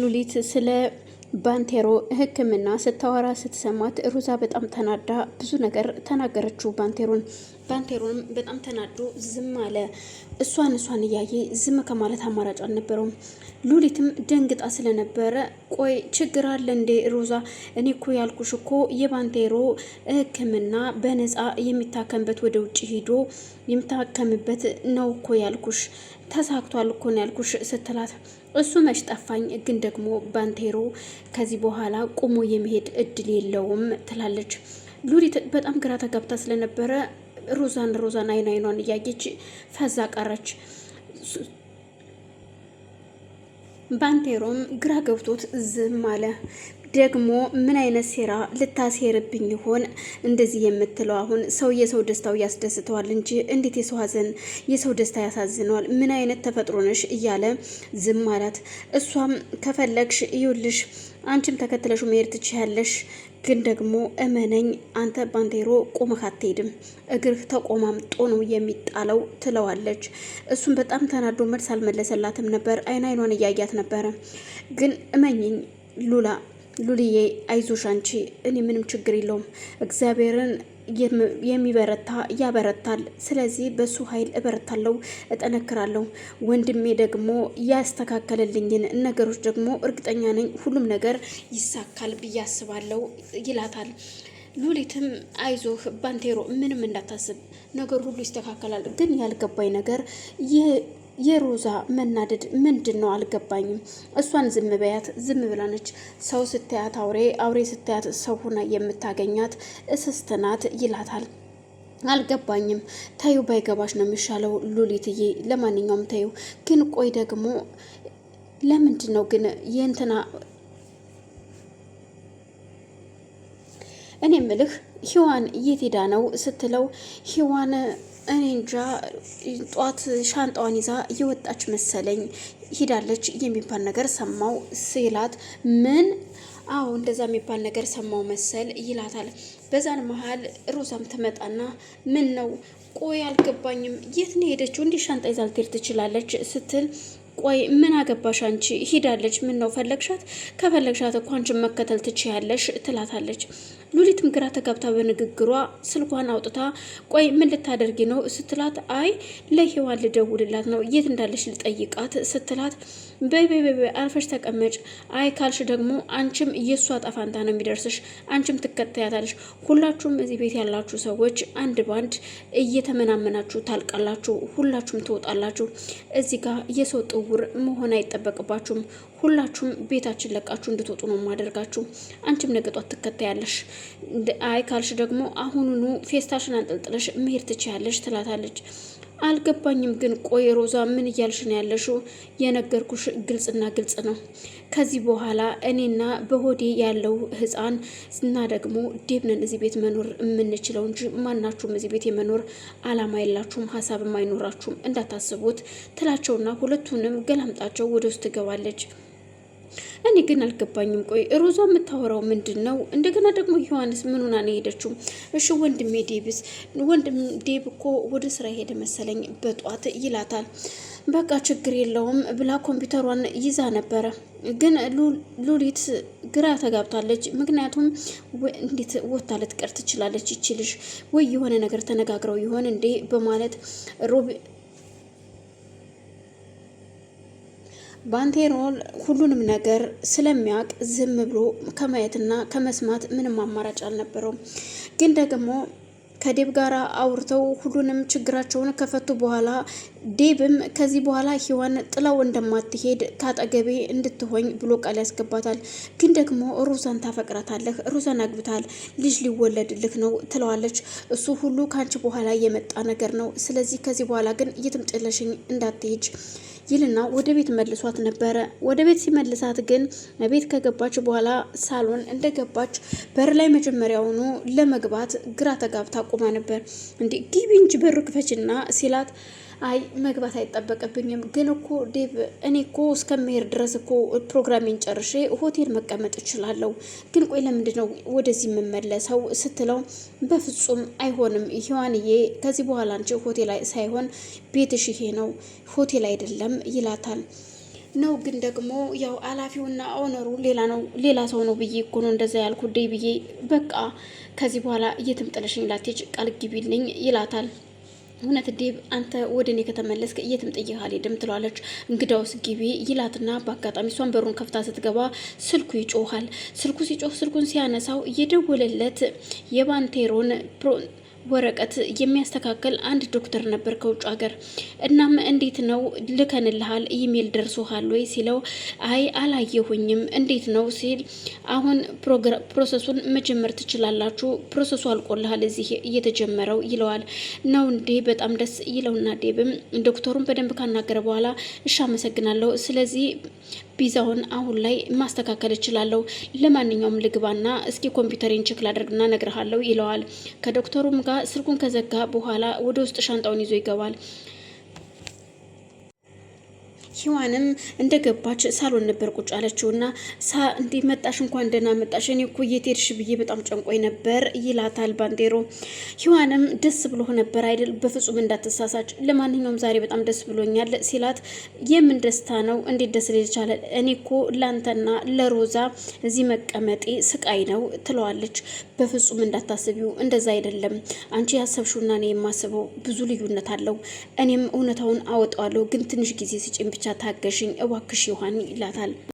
ሉሊት ስለ ባንቴሮ ሕክምና ስታወራ ስትሰማት ሮዛ በጣም ተናዳ ብዙ ነገር ተናገረችው ባንቴሮን። ባንቴሮንም በጣም ተናዶ ዝም አለ። እሷን እሷን እያየ ዝም ከማለት አማራጭ አልነበረውም። ሉሊትም ደንግጣ ስለነበረ ቆይ ችግር አለ እንዴ ሮዛ? እኔ እኮ ያልኩሽ እኮ የባንቴሮ ሕክምና በነፃ የሚታከምበት ወደ ውጭ ሂዶ የሚታከምበት ነው እኮ ያልኩሽ ተሳክቷል እኮ ነው ያልኩሽ ስትላት እሱ መች ጠፋኝ፣ ግን ደግሞ ባንቴሮ ከዚህ በኋላ ቁሞ የመሄድ እድል የለውም ትላለች። ሉሊት በጣም ግራ ተጋብታ ስለነበረ ሮዛን ሮዛን አይኗ አይኗን እያየች ፈዛ ቀረች። ባንቴሮም ግራ ገብቶት ዝም አለ። ደግሞ ምን አይነት ሴራ ልታሴርብኝ ይሆን እንደዚህ የምትለው? አሁን ሰው የሰው ደስታው ያስደስተዋል እንጂ እንዴት የሰው ሐዘን የሰው ደስታ ያሳዝነዋል? ምን አይነት ተፈጥሮ ነሽ? እያለ ዝም አላት። እሷም ከፈለግሽ ይውልሽ አንቺም ተከትለሹ መሄድ ትችያለሽ ግን ደግሞ እመነኝ አንተ ባንቴሮ ቆመህ አትሄድም፣ እግርህ ተቆማምጦ ነው የሚጣለው ትለዋለች። እሱም በጣም ተናዶ መልስ አልመለሰላትም ነበር። አይን አይኗን እያያት ነበረ። ግን እመኝኝ ሉላ ሉልዬ አይዞሽ አንቺ እኔ ምንም ችግር የለውም እግዚአብሔርን የሚበረታ ያበረታል። ስለዚህ በሱ ኃይል እበረታለሁ፣ እጠነክራለሁ። ወንድሜ ደግሞ ያስተካከለልኝን ነገሮች ደግሞ እርግጠኛ ነኝ ሁሉም ነገር ይሳካል ብዬ አስባለሁ ይላታል። ሉሊትም አይዞህ ባንቴሮ፣ ምንም እንዳታስብ፣ ነገር ሁሉ ይስተካከላል። ግን ያልገባኝ ነገር ይህ የሮዛ መናደድ ምንድን ነው አልገባኝም። እሷን ዝም በያት፣ ዝም ብላነች። ሰው ስታያት አውሬ፣ አውሬ ስታያት ሰው ሆና የምታገኛት እስስት ናት ይላታል። አልገባኝም። ታዩ ባይገባሽ ነው የሚሻለው ሉሊትዬ። ለማንኛውም ታዩ ግን ቆይ ደግሞ ለምንድን ነው ግን የእንትና እኔ ምልህ ሂዋን የት ሄዳ ነው ስትለው ሂዋን እኔ እንጃ ጧት ሻንጣዋን ይዛ የወጣች መሰለኝ ሂዳለች የሚባል ነገር ሰማው ሲላት፣ ምን አዎ እንደዛ የሚባል ነገር ሰማው መሰል ይላታል። በዛን መሀል ሮዛም ትመጣና ምን ነው ቆይ አልገባኝም፣ የት ነው ሄደችው? እንዲህ ሻንጣ ይዛ ልትሄድ ትችላለች ስትል ቆይ ምን አገባሽ አንቺ? ሂዳለች። ምን ነው ፈለግሻት? ከፈለግሻት እኮ አንቺን መከተል ትችያለሽ ትላታለች። ሉሊትም ግራ ተጋብታ በንግግሯ ስልኳን አውጥታ ቆይ ምን ልታደርጊ ነው ስትላት፣ አይ ለሔዋን ልደውልላት ነው የት እንዳለች ልጠይቃት ስትላት በይ በይ በይ አርፈሽ ተቀመጭ። አይ ካልሽ ደግሞ አንቺም የእሷ ጠፋንታ ነው የሚደርስሽ። አንቺም ትከተያታለሽ። ሁላችሁም እዚህ ቤት ያላችሁ ሰዎች አንድ ባንድ እየተመናመናችሁ ታልቃላችሁ። ሁላችሁም ትወጣላችሁ። እዚህ ጋር የሰው ጥውር መሆን አይጠበቅባችሁም። ሁላችሁም ቤታችን ለቃችሁ እንድትወጡ ነው የማደርጋችሁ። አንቺም ነገጧት ትከተያለሽ። አይ ካልሽ ደግሞ አሁኑኑ ፌስታሽን አንጠልጥለሽ መሄድ ትችያለሽ ትላታለች። አልገባኝም። ግን ቆይ ሮዛ ምን እያልሽ ነው ያለሽው? የነገርኩሽ ግልጽና ግልጽ ነው። ከዚህ በኋላ እኔና በሆዴ ያለው ህፃን እና ደግሞ ዴብነን እዚህ ቤት መኖር የምንችለው እንጂ ማናችሁም እዚህ ቤት የመኖር አላማ የላችሁም፣ ሀሳብም አይኖራችሁም እንዳታስቡት ትላቸውና ሁለቱንም ገላምጣቸው ወደ ውስጥ ትገባለች። እኔ ግን አልገባኝም። ቆይ ሮዛ የምታወራው ምንድን ነው? እንደገና ደግሞ ዮሐንስ ምን ሆና ነው ሄደችው? እሺ ወንድሜ ዴብስ ወንድም ዴብ እኮ ወደ ስራ ሄደ መሰለኝ በጧት ይላታል። በቃ ችግር የለውም ብላ ኮምፒውተሯን ይዛ ነበረ። ግን ሉሊት ግራ ተጋብታለች። ምክንያቱም እንዴት ወታ ልትቀር ትችላለች? ይችልሽ ወይ የሆነ ነገር ተነጋግረው ይሆን እንዴ በማለት ባንቴሮል ሁሉንም ነገር ስለሚያውቅ ዝም ብሎ ከማየትና ከመስማት ምንም አማራጭ አልነበረውም። ግን ደግሞ ከዴብ ጋር አውርተው ሁሉንም ችግራቸውን ከፈቱ በኋላ ዴብም ከዚህ በኋላ ህይዋን ጥላው እንደማትሄድ ካጠገቤ እንድትሆኝ ብሎ ቃል ያስገባታል። ግን ደግሞ ሩዛን ታፈቅራታለህ፣ ሩዛን አግብታል፣ ልጅ ሊወለድልህ ነው ትለዋለች። እሱ ሁሉ ከአንቺ በኋላ የመጣ ነገር ነው። ስለዚህ ከዚህ በኋላ ግን የትም ጥለሽኝ እንዳትሄጅ ይልና ወደ ቤት መልሷት ነበረ። ወደ ቤት ሲመልሳት ግን ቤት ከገባች በኋላ ሳሎን እንደገባች በር ላይ መጀመሪያውኑ ለመግባት ግራ ተጋብታ አቁማ ነበር። እንዴ ግቢ እንጂ በሩ ክፈችና ሲላት አይ መግባት አይጠበቅብኝም፣ ግን እኮ ዴቭ እኔ እኮ እስከምሄድ ድረስ እኮ ፕሮግራሜን ጨርሼ ሆቴል መቀመጥ እችላለሁ፣ ግን ቆይ ለምንድን ነው ወደዚህ የምመለሰው ስትለው በፍጹም አይሆንም ሔዋንዬ፣ ከዚህ በኋላ አንቺ ሆቴል ሳይሆን ቤትሽ ይሄ ነው ሆቴል አይደለም ይላታል። ነው ግን ደግሞ ያው አላፊውና ኦነሩ ሌላ ነው ሌላ ሰው ነው ብዬ እኮ ነው እንደዛ ያልኩ ዴ ብዬ በቃ ከዚህ በኋላ የትም ጥለሽኝ ላትሄጂ ቃል ግቢልኝ ይላታል። እውነት ዴብ አንተ ወደ እኔ ከተመለስክ የትም ጥዬህ አልሄድም ትለዋለች። እንግዳውስ ግቢ ይላትና በአጋጣሚ እሷን በሩን ከፍታ ስትገባ ስልኩ ይጮሃል። ስልኩ ሲጮህ ስልኩን ሲያነሳው የደወለለት የባንቴሮን ወረቀት የሚያስተካከል አንድ ዶክተር ነበር ከውጭ ሀገር። እናም እንዴት ነው ልከንልሃል፣ ኢሜል ደርሶሃል ወይ ሲለው አይ አላየሁኝም፣ እንዴት ነው ሲል አሁን ፕሮሰሱን መጀመር ትችላላችሁ፣ ፕሮሰሱ አልቆልሃል እዚህ እየተጀመረው ይለዋል። ነው እንዴ በጣም ደስ ይለውና ዴብም ዶክተሩን በደንብ ካናገረ በኋላ እሺ አመሰግናለሁ፣ ስለዚህ ቢዛውን አሁን ላይ ማስተካከል እችላለሁ። ለማንኛውም ልግባና እስኪ ኮምፒውተሬን ቼክ ላድርግና ነግርሃለሁ ይለዋል። ከዶክተሩም ጋር ስልኩን ከዘጋ በኋላ ወደ ውስጥ ሻንጣውን ይዞ ይገባል። ሂዋንም እንደገባች ሳሎን ነበር ቁጭ አለችው ና ሳ እንዴ መጣሽ፣ እንኳን ደህና መጣሽ፣ እኔ እኮ የት ሄድሽ ብዬ በጣም ጨንቆኝ ነበር ይላታል ባንዴሮ። ሂዋንም ደስ ብሎህ ነበር አይደል? በፍጹም እንዳትሳሳች፣ ለማንኛውም ዛሬ በጣም ደስ ብሎኛል ሲላት፣ የምን ደስታ ነው? እንዴት ደስ ሊል ይቻላል? እኔ እኮ ላንተና ለሮዛ እዚህ መቀመጤ ስቃይ ነው ትለዋለች። በፍጹም እንዳታስቢው፣ እንደዛ አይደለም። አንቺ ያሰብሽውና እኔ የማስበው ብዙ ልዩነት አለው። እኔም እውነታውን አወጣዋለሁ፣ ግን ትንሽ ጊዜ ስጭኝ ብቻ ታገሽኝ እባክሽ ዮሐኒ ይላታል።